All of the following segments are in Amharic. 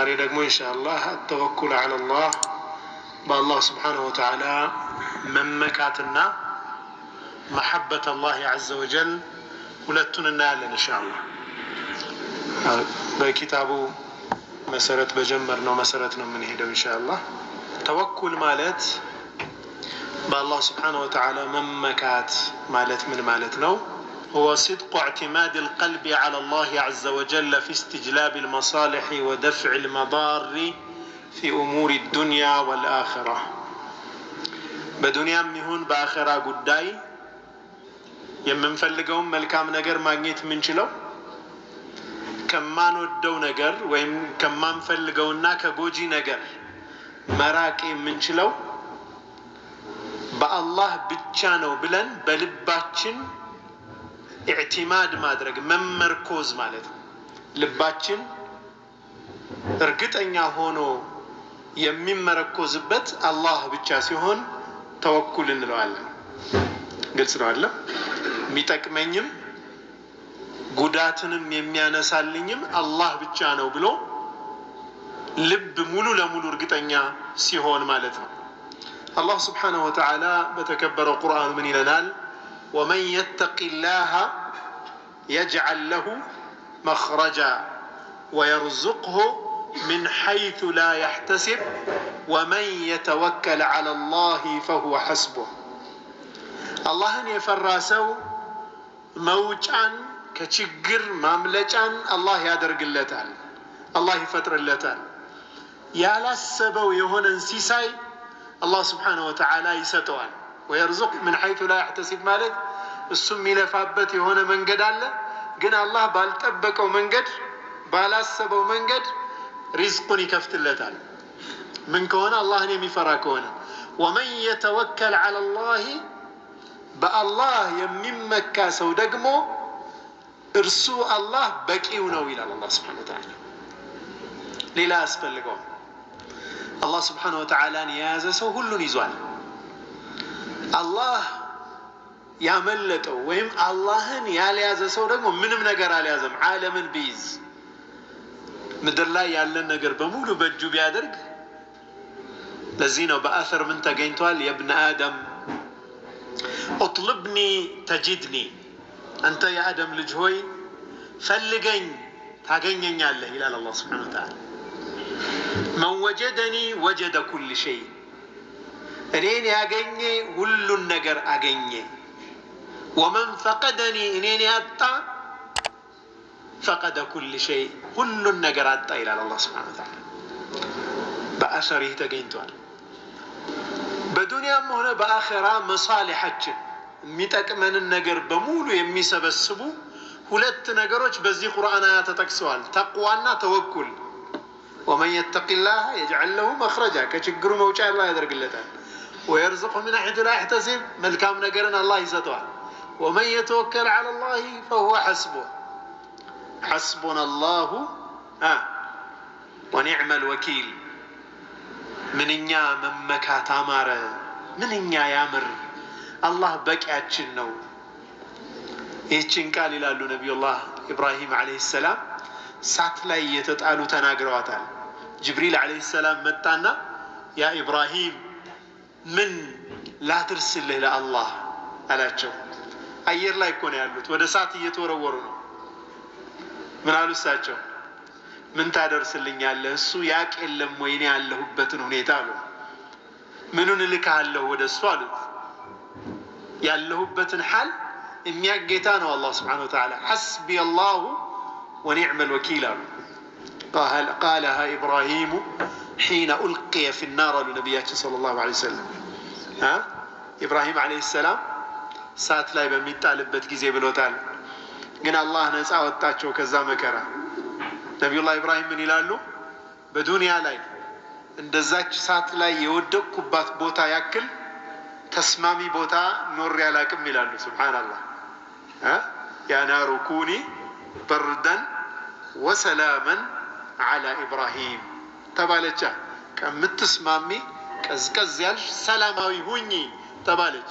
زاري دقمو إن شاء الله التوكل على الله الله سبحانه وتعالى ممكاتنا محبة الله عز وجل ولتنا النال إن شاء الله بكتابه مسرت بجمرنا مسرتنا من هيدا إن شاء الله توكل مالت الله سبحانه وتعالى ممكات مالت من مالتنا هو صدق اعتماد القلب على الله عز وجل في استجلاب المصالح ودفع المضار في أمور الدنيا والآخرة بدنيا مهون بآخرة قداي የምንፈልገውን መልካም ነገር ማግኘት የምንችለው ከማንወደው ነገር ወይም ከማንፈልገውና ከጎጂ ነገር መራቅ የምንችለው በአላህ ብቻ ነው ብለን በልባችን ኢዕቲማድ ማድረግ መመርኮዝ ማለት ነው። ልባችን እርግጠኛ ሆኖ የሚመረኮዝበት አላህ ብቻ ሲሆን ተወኩል እንለዋለን። ግልጽ ነው አለ። የሚጠቅመኝም ጉዳትንም የሚያነሳልኝም አላህ ብቻ ነው ብሎ ልብ ሙሉ ለሙሉ እርግጠኛ ሲሆን ማለት ነው። አላህ ስብሓነሁ ወተዓላ በተከበረው ቁርአን ምን ይለናል? ወመን የተቂ ላሃ يجعل له مخرجا ويرزقه من حيث لا يحتسب ومن يتوكل على الله فهو حسبه الله ان يفراسو موجا كشجر مملجا الله يادر قلتان الله يفتر اللتان يا لسبو يهون انسيساي الله سبحانه وتعالى يستوان ويرزق من حيث لا يحتسب مالك እሱ የሚለፋበት የሆነ መንገድ አለ። ግን አላህ ባልጠበቀው መንገድ ባላሰበው መንገድ ሪዝቁን ይከፍትለታል። ምን ከሆነ አላህን የሚፈራ ከሆነ ወመን የተወከል አለላሂ በአላህ የሚመካ ሰው ደግሞ እርሱ አላህ በቂው ነው ይላል አላህ ስብሐነሁ ወተዓላ። ሌላ ያስፈልገዋል። አላህ ስብሐነሁ ወተዓላን የያዘ ሰው ሁሉን ይዟል። አላህ ያመለጠው ወይም አላህን ያልያዘ ሰው ደግሞ ምንም ነገር አልያዘም። ዓለምን ቢይዝ ምድር ላይ ያለን ነገር በሙሉ በእጁ ቢያደርግ ለዚህ ነው በአሰር ምን ተገኝቷል? የብነ አደም ኡጥልብኒ ተጂድኒ፣ አንተ የአደም ልጅ ሆይ ፈልገኝ ታገኘኛለህ ይላል አላህ ሱብሓነሁ ወተዓላ። መን ወጀደኒ ወጀደ ኩል ሸይ፣ እኔን ያገኘ ሁሉን ነገር አገኘ። ومن فقدني إنني أتى فقد كل شيء كل النجر أتى إلى الله سبحانه وتعالى بأثره تقينتو أنا بدنيا مهنا بآخرة مصالح حجة ميتك من النجر بمول يمي سبسبو ሁለት ነገሮች በዚህ ቁርአን አያ تقوانا توكل ومن ወመን الله يجعل له مخرجا መክረጃ ከችግሩ الله ያላ ያደርግለታል ወየርዝቁ من ሐይቱ لا يحتسب መልካም ነገርን الله ይሰጠዋል ومن يتوكل على الله فهو حسبه حسبنا الله آه ونعم الوكيل من إنيا من مكة تامر من إنيا يامر الله بك أتشنو يتشن قال إلى نبي الله إبراهيم عليه السلام ساتلا يتتعلو تناقرواتا جبريل عليه السلام متانا يا إبراهيم من لا ترسل إلى الله على جوه አየር ላይ እኮ ነው ያሉት። ወደ እሳት እየተወረወሩ ነው። ምን አሉ እሳቸው? ምን ታደርስልኛለህ? እሱ ያቅ የለም ወይኔ ያለሁበትን ሁኔታ አሉ። ምኑን እልካለሁ ወደ እሱ አሉት። ያለሁበትን ሀል የሚያቅ ጌታ ነው አላህ ስብሓነሁ ወተዓላ። ሐስቢ አላሁ ወኒዕመል ወኪል አሉ። ቃለሃ ኢብራሂሙ ሒነ ኡልቅየ ፊናር አሉ ነቢያችን ሰለላሁ ዓለይሂ ወሰለም። ኢብራሂም ዓለይሂ ሰላም እሳት ላይ በሚጣልበት ጊዜ ብሎታል። ግን አላህ ነፃ ወጣቸው ከዛ መከራ። ነቢዩላህ ኢብራሂም ምን ይላሉ? በዱንያ ላይ እንደዛች እሳት ላይ የወደቅኩባት ቦታ ያክል ተስማሚ ቦታ ኖሬ አላቅም ይላሉ። ሱብሓነላህ ያናሩ ኩኒ በርደን ወሰላመን አላ ኢብራሂም ተባለቻ። ከምትስማሚ ቀዝቀዝ ያልሽ ሰላማዊ ሁኚ ተባለች።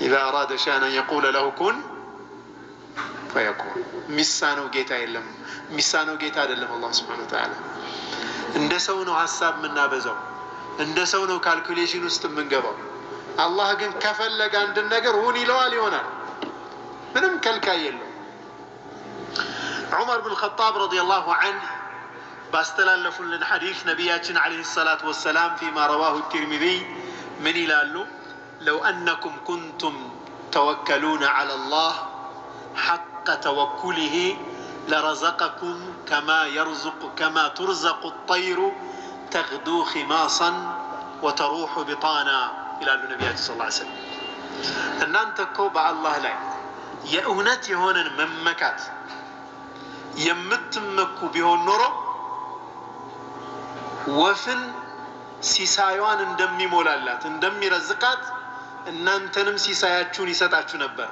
إذا أراد شأن أن يقول له كن فيكون ميسانو جيتا يلم ميسانو جيتا يلم الله سبحانه وتعالى اندسونو حساب من نابزو اندسونو كالكوليشن وستم من قبل الله قن كفل لك عند النقر هوني لوالي هنا منم كالكا عمر بن الخطاب رضي الله عنه باستلال لفل حديث نبياتنا عليه الصلاة والسلام فيما رواه الترمذي من إلى لو أنكم كنتم توكلون على الله حق توكله لرزقكم كما يرزق كما ترزق الطير تغدو خماصا وتروح بطانا إلى النبي صلى الله عليه وسلم أن لا يأونتي በአላህ من مكات يمتمك መመካት النور وفن سيسايوان ندمي مولالات ندمي رزقات እናንተንም ሲሳያችሁን ይሰጣችሁ ነበር።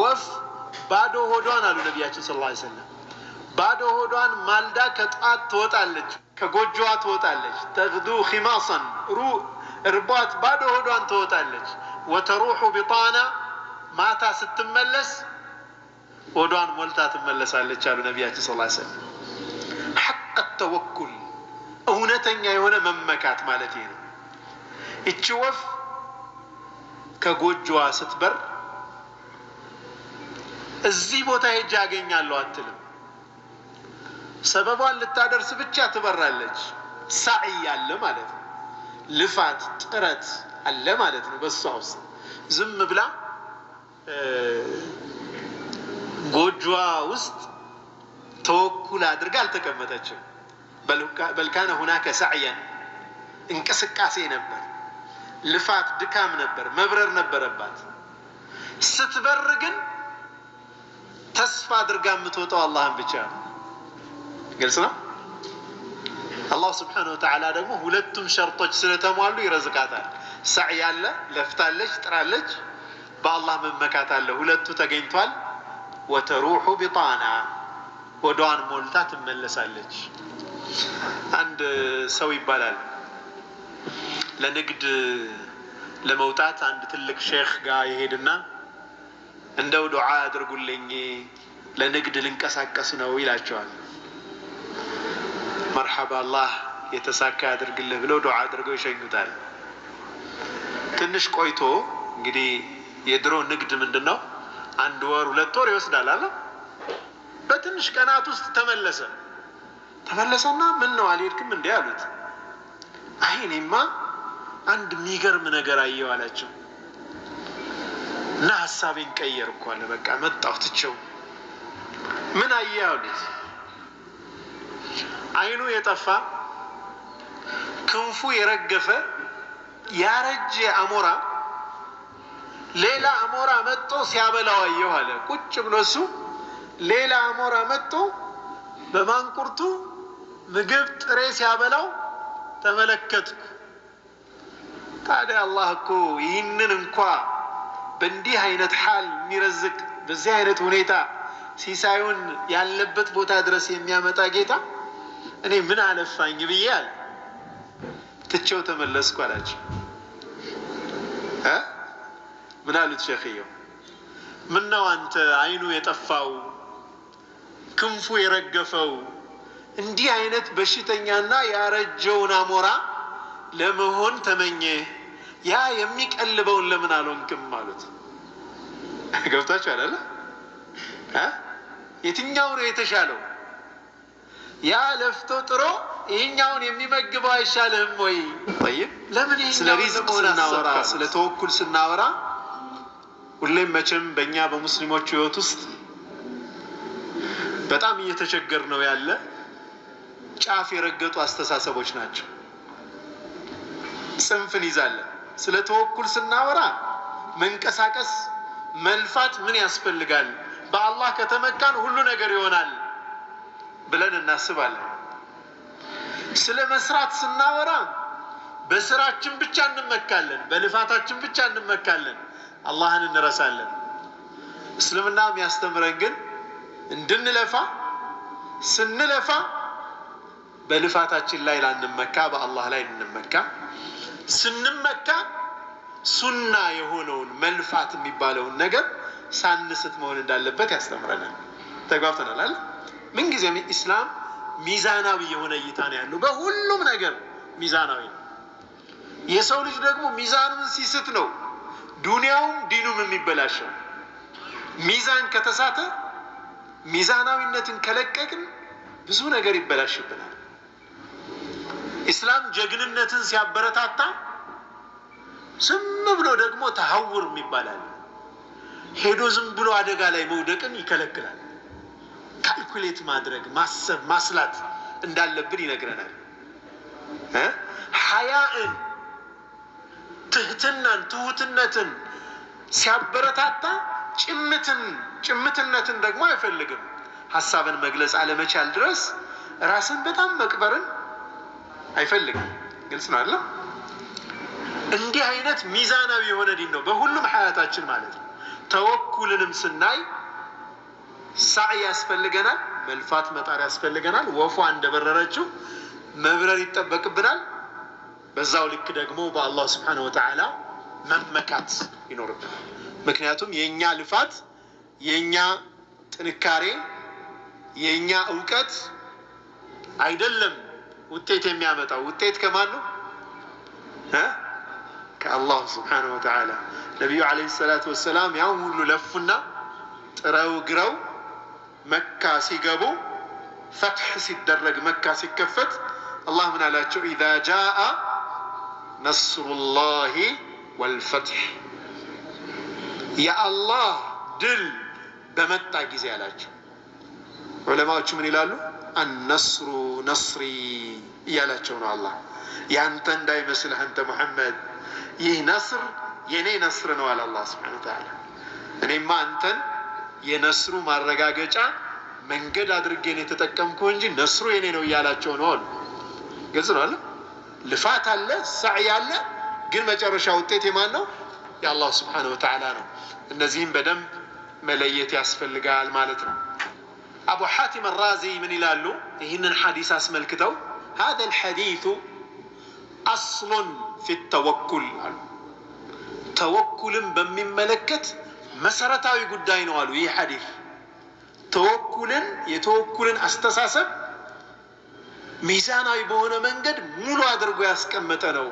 ወፍ ባዶ ሆዷን አሉ ነቢያችን ስለ ላ ሰለም ባዶ ሆዷን ማልዳ ከጧት ትወጣለች፣ ከጎጆዋ ትወጣለች። ተግዱ ኺማሰን እርቧት ባዶ ሆዷን ትወጣለች። ወተሩሑ ቢጣና ማታ ስትመለስ ሆዷን ሞልታ ትመለሳለች አሉ ነቢያችን ስለ ላ ሰለም። ሐቅ ተወኩል እውነተኛ የሆነ መመካት ማለት ነው። እቺ ወፍ ከጎጆዋ ስትበር እዚህ ቦታ ሄጅ ያገኛለሁ አትልም። ሰበቧን ልታደርስ ብቻ ትበራለች። ሳዕይ አለ ማለት ነው። ልፋት ጥረት አለ ማለት ነው። በእሷ ውስጥ ዝም ብላ ጎጆዋ ውስጥ ተወኩል አድርጋ አልተቀመጠችም። በልካነ ሁናከ ሳዕየን እንቅስቃሴ ነበር። ልፋት፣ ድካም ነበር፣ መብረር ነበረባት። ስትበር ግን ተስፋ አድርጋ የምትወጣው አላህን ብቻ ነው። ግልጽ ነው። አላህ ስብሓነሁ ወተዓላ ደግሞ ሁለቱም ሸርጦች ስለተሟሉ ይረዝቃታል። ሳዕ አለ፣ ለፍታለች፣ ጥራለች፣ በአላህ መመካት አለ። ሁለቱ ተገኝቷል። ወተሩሑ ቢጣና ወደዋን ሞልታ ትመለሳለች። አንድ ሰው ይባላል ለንግድ ለመውጣት አንድ ትልቅ ሼክ ጋር ይሄድና እንደው ዱዓ አድርጉልኝ ለንግድ ልንቀሳቀስ ነው ይላቸዋል። መርሓባ አላህ የተሳካ ያድርግልህ ብለው ዱዓ አድርገው ይሸኙታል። ትንሽ ቆይቶ እንግዲህ የድሮ ንግድ ምንድን ነው? አንድ ወር ሁለት ወር ይወስዳል አለ። በትንሽ ቀናት ውስጥ ተመለሰ። ተመለሰና ምን ነው አልሄድክም እንዲህ አሉት። አይ እኔማ አንድ የሚገርም ነገር አየው አላቸው እና ሀሳቤን ቀየርኩ አለ። በቃ መጣሁ ትቼው። ምን አየህ አሉት። አይኑ የጠፋ ክንፉ የረገፈ ያረጀ አሞራ ሌላ አሞራ መጥቶ ሲያበላው አየሁ አለ። ቁጭ ብሎ እሱ ሌላ አሞራ መጥቶ በማንቁርቱ ምግብ ጥሬ ሲያበላው ተመለከትኩ። ታዲያ አላህ እኮ ይህንን እንኳ በእንዲህ አይነት ሀል የሚረዝቅ በዚህ አይነት ሁኔታ ሲሳዩን ያለበት ቦታ ድረስ የሚያመጣ ጌታ እኔ ምን አለፋኝ ብዬ አለ። ትቼው ተመለስኩ አላቸው። ምን አሉት ሸክየው? ምነው አንተ አይኑ የጠፋው ክንፉ የረገፈው እንዲህ አይነት በሽተኛና ያረጀውን አሞራ ለመሆን ተመኘ። ያ የሚቀልበውን ለምን አልሆንክም ማለት ገብታችሁ አለ። የትኛው ነው የተሻለው? ያ ለፍቶ ጥሮ ይህኛውን የሚመግበው አይሻልህም ወይ? ለምን ስናወራ ስለ ተወኩል ስናወራ ሁሌም መቼም በእኛ በሙስሊሞች ሕይወት ውስጥ በጣም እየተቸገር ነው ያለ ጫፍ የረገጡ አስተሳሰቦች ናቸው። ጽንፍን ይዛለን። ስለ ተወኩል ስናወራ መንቀሳቀስ፣ መልፋት ምን ያስፈልጋል? በአላህ ከተመካን ሁሉ ነገር ይሆናል ብለን እናስባለን። ስለ መስራት ስናወራ በስራችን ብቻ እንመካለን፣ በልፋታችን ብቻ እንመካለን፣ አላህን እንረሳለን። እስልምና የሚያስተምረን ግን እንድንለፋ ስንለፋ በልፋታችን ላይ ላንመካ፣ በአላህ ላይ እንመካ። ስንመካ ሱና የሆነውን መልፋት የሚባለውን ነገር ሳንስት መሆን እንዳለበት ያስተምረናል። ተግባብተናል አለ። ምንጊዜም ኢስላም ሚዛናዊ የሆነ እይታ ነው ያለው። በሁሉም ነገር ሚዛናዊ ነው። የሰው ልጅ ደግሞ ሚዛኑን ሲስት ነው ዱንያውም ዲኑም የሚበላሸው። ሚዛን ከተሳተ ሚዛናዊነትን ከለቀቅን ብዙ ነገር ይበላሽብናል። ኢስላም ጀግንነትን ሲያበረታታ ዝም ብሎ ደግሞ ተሀውር ይባላል። ሄዶ ዝም ብሎ አደጋ ላይ መውደቅን ይከለክላል። ካልኩሌት ማድረግ ማሰብ፣ ማስላት እንዳለብን ይነግረናል። ሀያእን ትህትናን፣ ትሁትነትን ሲያበረታታ ጭምትን ጭምትነትን ደግሞ አይፈልግም። ሀሳብን መግለጽ አለመቻል ድረስ ራስን በጣም መቅበርን አይፈልግም። ግልጽ ነው አለ። እንዲህ አይነት ሚዛናዊ የሆነ ዲን ነው በሁሉም ሀያታችን ማለት ነው። ተወኩልንም ስናይ ሳዕ ያስፈልገናል፣ መልፋት መጣር ያስፈልገናል። ወፏ እንደበረረችው መብረር ይጠበቅብናል። በዛው ልክ ደግሞ በአላህ ስብሓነሁ ወተዓላ መመካት ይኖርብናል። ምክንያቱም የእኛ ልፋት፣ የእኛ ጥንካሬ፣ የእኛ እውቀት አይደለም ውጤት የሚያመጣው ውጤት ከማን ነው? ከአላሁ ስብሓነሁ ወተዓላ። ነቢዩ ዓለይሂ ሰላቱ ወሰላም ያው ሁሉ ለፉና ጥረው ግረው መካ ሲገቡ ፈትሕ ሲደረግ መካ ሲከፈት አላህ ምን አላቸው? ኢዛ ጃአ ነስሩላሂ ወልፈትሕ፣ የአላህ ድል በመጣ ጊዜ አላቸው። ዑለማዎቹ ምን ይላሉ? አነስሩ ነስሪ እያላቸው ነው አላህ። ያንተ እንዳይመስልህ አንተ መሐመድ፣ ይህ ነስር የእኔ ነስር ነው አለ አላህ ስብሐነ ወተዓላ። እኔማ አንተን የነስሩ ማረጋገጫ መንገድ አድርገን የተጠቀምኩ እንጂ ነስሩ የኔ ነው እያላቸው ነው አሉ። ግልጽ ነው አለ። ልፋት አለ፣ ሳዕይ አለ፣ ግን መጨረሻ ውጤት የማን ነው? የአላህ ስብሐነ ወተዓላ ነው። እነዚህም በደንብ መለየት ያስፈልጋል ማለት ነው። አቡ ሐቲም አራዚ ምን ይላሉ? ይህንን ሐዲስ አስመልክተው هذا الحديث أصل في التوكل توكل بمن ملكت مسرتاوي قداين والو يي إيه حديث توكل يتوكل أستساسب ميزان أي بونا منجد منو أدرقو يسكمتنو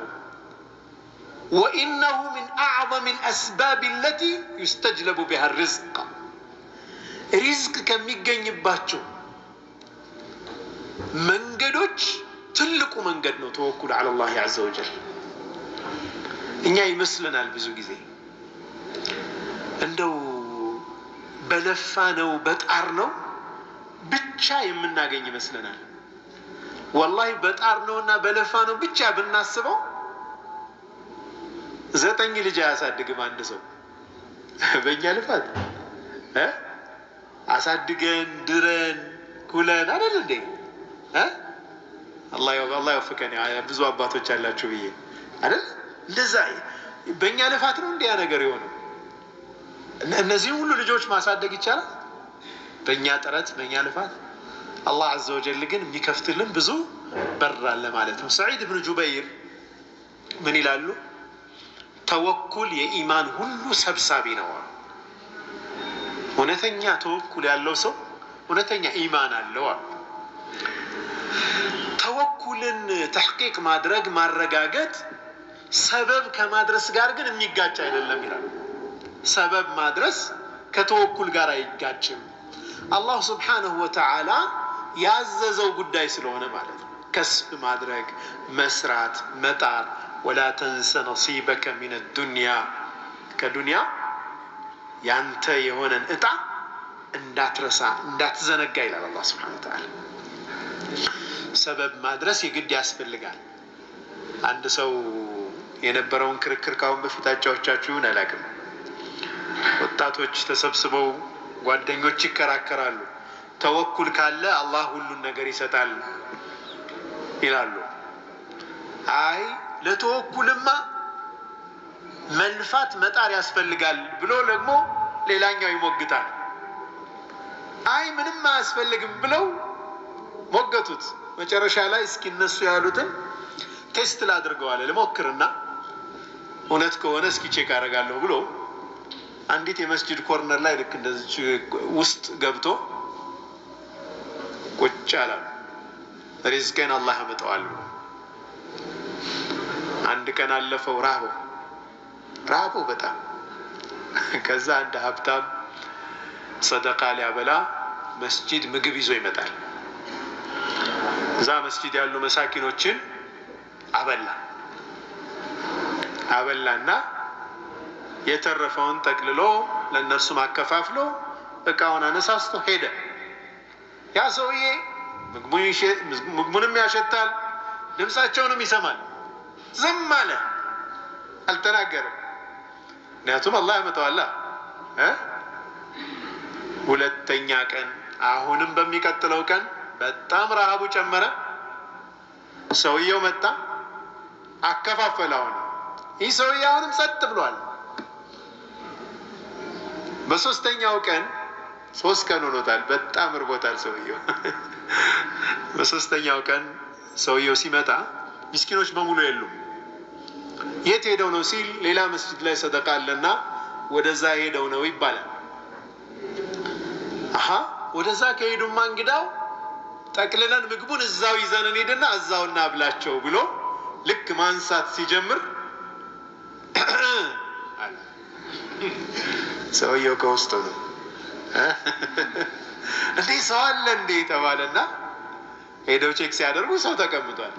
وإنه من أعظم الأسباب التي يستجلب بها الرزق رزق كم يجن يباتشو منجدوش ትልቁ መንገድ ነው ተወኩል አላ ላህ አዘ ወጀል። እኛ ይመስለናል ብዙ ጊዜ እንደው በለፋ ነው በጣር ነው ብቻ የምናገኝ ይመስለናል። ወላሂ በጣር ነው እና በለፋ ነው ብቻ ብናስበው ዘጠኝ ልጅ አያሳድግም አንድ ሰው በእኛ ልፋት አሳድገን ድረን ኩለን አይደል እንዴ አላህ ይወፍቀን። ብዙ አባቶች አላችሁ ብዬ አይደል? እንደዛ በእኛ ልፋት ነው እንዲያ ነገር የሆነው። እነዚህም ሁሉ ልጆች ማሳደግ ይቻላል በእኛ ጥረት፣ በእኛ ልፋት። አላህ አዘ ወጀል ግን የሚከፍትልን ብዙ በር አለ ማለት ነው። ሰዒድ ብን ጁበይር ምን ይላሉ? ተወኩል የኢማን ሁሉ ሰብሳቢ ነው። እውነተኛ ተወኩል ያለው ሰው እውነተኛ ኢማን አለው አሉ። እኩልን ተሕቂቅ ማድረግ ማረጋገጥ ሰበብ ከማድረስ ጋር ግን የሚጋጭ አይደለም ይላል። ሰበብ ማድረስ ከተወኩል ጋር አይጋጭም። አላሁ ስብሓነሁ ወተዓላ ያዘዘው ጉዳይ ስለሆነ ማለት ነው። ከስብ ማድረግ መስራት፣ መጣር ወላ ተንሰ ነሲበከ ሚነ ዱንያ ከዱንያ ያንተ የሆነን እጣ እንዳትረሳ እንዳትዘነጋ ይላል አላህ ስብሓነሁ ወተዓላ። ሰበብ ማድረስ የግድ ያስፈልጋል። አንድ ሰው የነበረውን ክርክር ካሁን በፊት አጫዎቻችሁን አላውቅም። ወጣቶች ተሰብስበው ጓደኞች ይከራከራሉ። ተወኩል ካለ አላህ ሁሉን ነገር ይሰጣል ይላሉ። አይ ለተወኩልማ መልፋት መጣር ያስፈልጋል ብሎ ደግሞ ሌላኛው ይሞግታል። አይ ምንም አያስፈልግም ብለው ሞገቱት። መጨረሻ ላይ እስኪ እነሱ ያሉትን ቴስት ላድርገዋል ልሞክርና እውነት ከሆነ እስኪ ቼክ አደርጋለሁ ብሎ አንዲት የመስጅድ ኮርነር ላይ ልክ እንደዚች ውስጥ ገብቶ ቁጭ አላሉ። ሪዝቀን አላህ ያመጣዋል። አንድ ቀን አለፈው፣ ራበው ራበው በጣም ከዛ አንድ ሀብታም ሰደቃ ሊያበላ መስጂድ ምግብ ይዞ ይመጣል። እዛ መስጂድ ያሉ መሳኪኖችን አበላ አበላና የተረፈውን ጠቅልሎ ለእነርሱም አከፋፍሎ እቃውን አነሳስቶ ሄደ። ያ ሰውዬ ምግቡንም ያሸታል፣ ድምፃቸውንም ይሰማል። ዝም አለ፣ አልተናገረም። ምክንያቱም አላህ ያመጣዋላ። ሁለተኛ ቀን አሁንም በሚቀጥለው ቀን በጣም ረሃቡ ጨመረ። ሰውየው መጣ አከፋፈለ። አሁን ይህ ሰውየ አሁንም ጸጥ ብሏል። በሶስተኛው ቀን ሶስት ቀን ሆኖታል። በጣም እርቦታል ሰውየው። በሶስተኛው ቀን ሰውየው ሲመጣ ምስኪኖች በሙሉ የሉም። የት ሄደው ነው ሲል ሌላ መስጂድ ላይ ሰደቃ አለና ወደዛ ሄደው ነው ይባላል። አሀ ወደዛ ከሄዱማ እንግዳው ጠቅልለን ምግቡን እዛው ይዘን እንሂድና እዛው እናብላቸው ብሎ ልክ ማንሳት ሲጀምር ሰውየው ከውስጡ ነው እንዴ ሰው አለ እንዴ የተባለና ሄደው ቼክ ሲያደርጉ ሰው ተቀምጧል።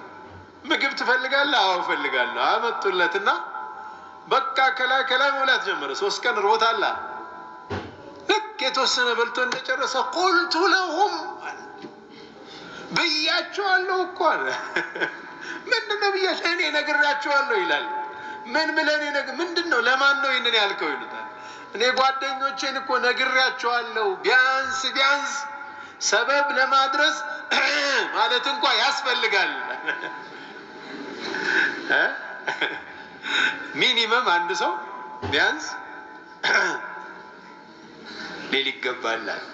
ምግብ ትፈልጋለህ? አዎ እፈልጋለሁ። አመጡለትና በቃ ከላይ ከላይ መብላት ጀመረ። ሶስት ቀን ርቦታል። ልክ የተወሰነ በልቶ እንደጨረሰ ቁልቱ ለሁም ብያቸዋለሁ እኮ አለ። ምንድን ነው ብያቸው? እኔ ነግራቸዋለሁ ይላል። ምን ብለን ምንድን ነው ለማን ነው ይህንን ያልከው ይሉታል። እኔ ጓደኞቼን እኮ ነግሬያቸዋለሁ። ቢያንስ ቢያንስ ሰበብ ለማድረስ ማለት እንኳ ያስፈልጋል። ሚኒመም አንድ ሰው ቢያንስ ሌል ይገባላል።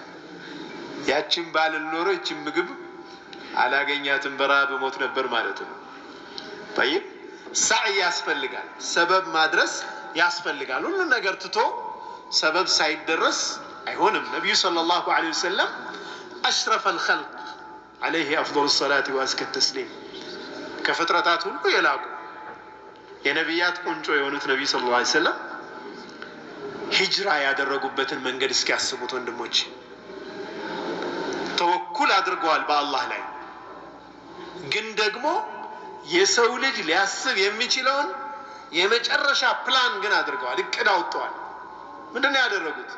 ያችን ባልል ኖሮ ይችን ምግብ አላገኛትም፣ በረሃብ ሞት ነበር ማለት ነው። ይ ሳዕ ያስፈልጋል፣ ሰበብ ማድረስ ያስፈልጋል። ሁሉን ነገር ትቶ ሰበብ ሳይደረስ አይሆንም። ነቢዩ ሰለላሁ ዐለይሂ ወሰለም አሽረፈል ኸልቅ ዐለይሂ አፍዶሉ ሰላት ዋስከ ተስሊም ከፍጥረታት ሁሉ የላቁ የነቢያት ቁንጮ የሆኑት ነቢዩ ሰለላሁ ዐለይሂ ወሰለም ሂጅራ ያደረጉበትን መንገድ እስኪያስቡት ወንድሞች ተወኩል አድርገዋል በአላህ ላይ ግን ደግሞ የሰው ልጅ ሊያስብ የሚችለውን የመጨረሻ ፕላን ግን አድርገዋል፣ እቅድ አውጥተዋል። ምንድን ነው ያደረጉት?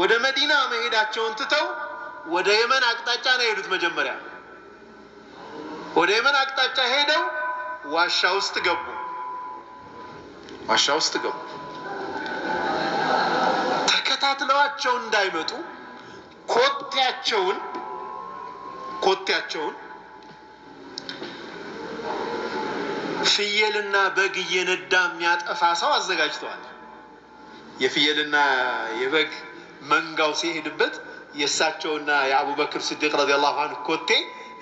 ወደ መዲና መሄዳቸውን ትተው ወደ የመን አቅጣጫ ነው የሄዱት። መጀመሪያ ወደ የመን አቅጣጫ ሄደው ዋሻ ውስጥ ገቡ። ዋሻ ውስጥ ገቡ። ተከታትለዋቸው እንዳይመጡ ኮቴያቸውን ኮቴያቸውን ፍየልና በግ እየነዳ የሚያጠፋ ሰው አዘጋጅተዋል። የፍየልና የበግ መንጋው ሲሄድበት የእሳቸውና የአቡበክር ስዲቅ ረዲየላሁ አንሁ ኮቴ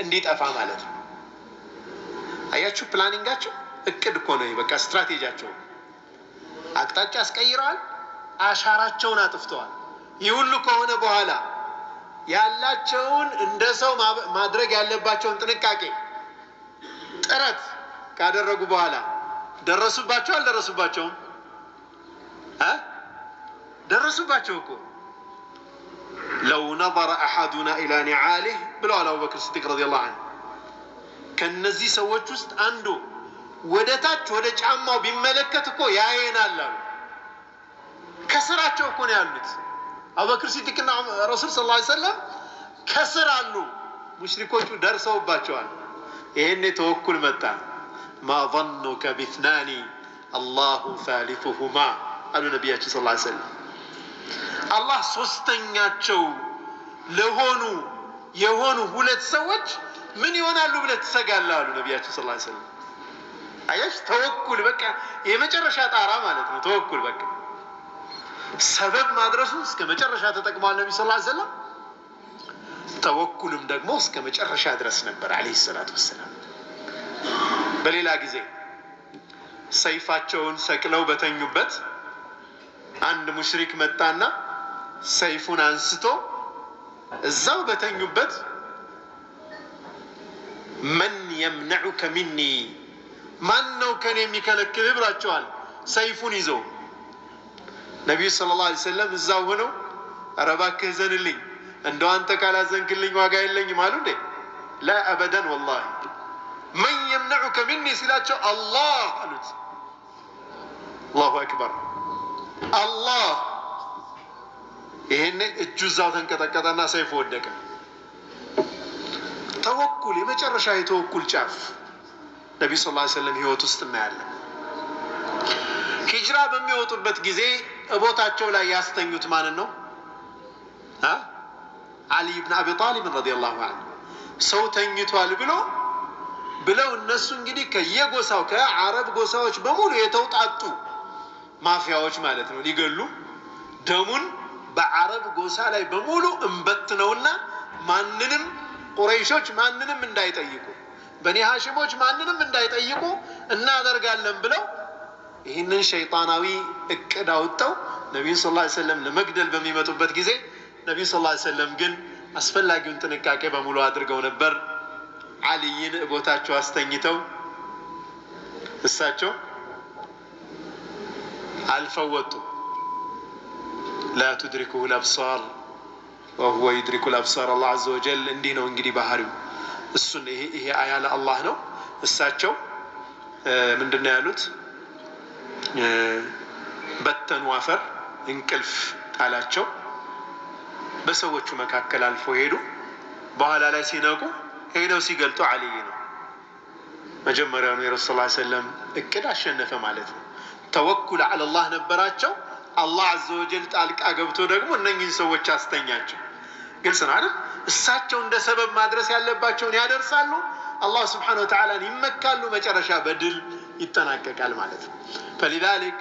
እንዲጠፋ ማለት ነው። አያችሁ፣ ፕላኒንጋቸው እቅድ እኮ ነው። በቃ ስትራቴጂያቸው አቅጣጫ አስቀይረዋል፣ አሻራቸውን አጥፍተዋል። ይህ ሁሉ ከሆነ በኋላ ያላቸውን እንደ ሰው ማድረግ ያለባቸውን ጥንቃቄ ጥረት ካደረጉ በኋላ ደረሱባቸው አልደረሱባቸውም? ደረሱባቸው እኮ ለው ነظረ አሐዱና ኢላ ኒዓሊህ ብለዋል አቡበክር ስዲቅ ረዲየላሁ ዐንሁ። ከነዚህ ሰዎች ውስጥ አንዱ ወደ ታች ወደ ጫማው ቢመለከት እኮ ያየናል አሉ። ከስራቸው እኮ ነው ያሉት አቡበክር ስዲቅና ረሱል ስ ላ ሰለም ከስር አሉ። ሙሽሪኮቹ ደርሰውባቸዋል። ይሄኔ ተወኩል መጣ። ما ظنك باثنان الله ثالثهما قالوا نبي صلى الله عليه وسلم الله سوستن لهونو يهونو هولت سوج من يونالو لبلت سقى الله قالوا نبي صلى الله عليه وسلم أيش توكل بك يما جرشات آرام عليكم توكل بك سبب ما درسوس كما جرشات تقمع النبي صلى الله عليه وسلم توكل مدقموس كما جرشات درسنا عليه الصلاة والسلام በሌላ ጊዜ ሰይፋቸውን ሰቅለው በተኙበት አንድ ሙሽሪክ መጣና ሰይፉን አንስቶ እዛው በተኙበት መን የምነዑከ ሚኒ ማን ነው ከኔ የሚከለክል ብሏቸዋል። ሰይፉን ይዘው ነቢዩ ሰለላሁ ዐለይሂ ወሰለም እዛው ሆነው ኧረ እባክህ ዘንልኝ፣ እንደው አንተ ካላዘንክልኝ ዋጋ የለኝም አሉ። እንዴ ላ አበደን ወላሂ መን የምነዑከ ሚኒ ሲላቸው አላህ አሉት። አላሁ አክበር አላህ። ይሄኔ እጁ እዛው ተንቀጠቀጠና ሰይፍ ወደቀ። ተወኩል የመጨረሻ የተወኩል ጫፍ ነቢ ስ ላ ስለም ህይወት ውስጥ እናያለን። ሂጅራ በሚወጡበት ጊዜ እቦታቸው ላይ ያስተኙት ማንን ነው? አሊ ብን አቢ ጣሊብን ረዲየላሁ አንሁ ሰው ተኝቷል ብሎ ብለው እነሱ እንግዲህ ከየጎሳው ከአረብ ጎሳዎች በሙሉ የተውጣጡ ማፊያዎች ማለት ነው። ሊገሉ ደሙን በአረብ ጎሳ ላይ በሙሉ እንበት ነውና ማንንም ቁረይሾች ማንንም እንዳይጠይቁ በኒ ሀሽሞች ማንንም እንዳይጠይቁ እናደርጋለን ብለው ይህንን ሸይጣናዊ እቅድ አውጥተው ነቢዩ ስ ላ ሰለም ለመግደል በሚመጡበት ጊዜ ነቢዩ ስ ላ ሰለም ግን አስፈላጊውን ጥንቃቄ በሙሉ አድርገው ነበር። አልይን ቦታቸው አስተኝተው እሳቸው አልፈው ወጡ። ላ ልአብሳር ወሁወ ዩድሪኩ ልአብሳር። አላህ አዘ ወጀል እንዲህ ነው እንግዲህ ባህሪው እሱን ይሄ አያ ለአላህ ነው። እሳቸው ምንድን ነው ያሉት? በተኑ አፈር እንቅልፍ ጣላቸው። በሰዎቹ መካከል አልፈው ሄዱ። በኋላ ላይ ሲነቁ ሄደው ሲገልጡ አልይ ነው መጀመሪያውኑ የረሱል ላ ሰለም እቅድ አሸነፈ ማለት ነው። ተወኩል አለላህ ነበራቸው። አላህ አዘ ወጀል ጣልቃ ገብቶ ደግሞ እነኝህን ሰዎች አስተኛቸው። ግልጽ ነው አይደል? እሳቸው እንደ ሰበብ ማድረስ ያለባቸውን ያደርሳሉ። አላህ ስብሓነ ወተዓላን ይመካሉ። መጨረሻ በድል ይጠናቀቃል ማለት ነው። ፈሊዛሊክ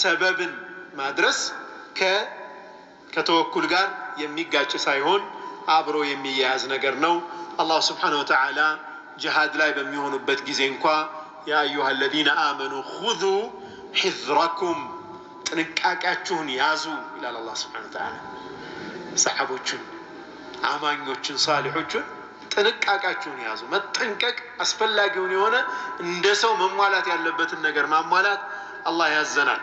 ሰበብን ማድረስ ከተወኩል ጋር የሚጋጭ ሳይሆን አብሮ የሚያያዝ ነገር ነው። አላህ ስብሓነ ወተዓላ ጅሃድ ላይ በሚሆኑበት ጊዜ እንኳ ያ አዩሃ ለዚነ አመኑ ሁዙ ሒዝረኩም ጥንቃቄያችሁን ያዙ ይላል አላህ ስብሓነ ወተዓላ። ሰሓቦቹን፣ አማኞችን፣ ሳሊሖቹን ጥንቃቄያችሁን ያዙ። መጠንቀቅ አስፈላጊውን የሆነ እንደ ሰው መሟላት ያለበትን ነገር ማሟላት አላህ ያዘናል።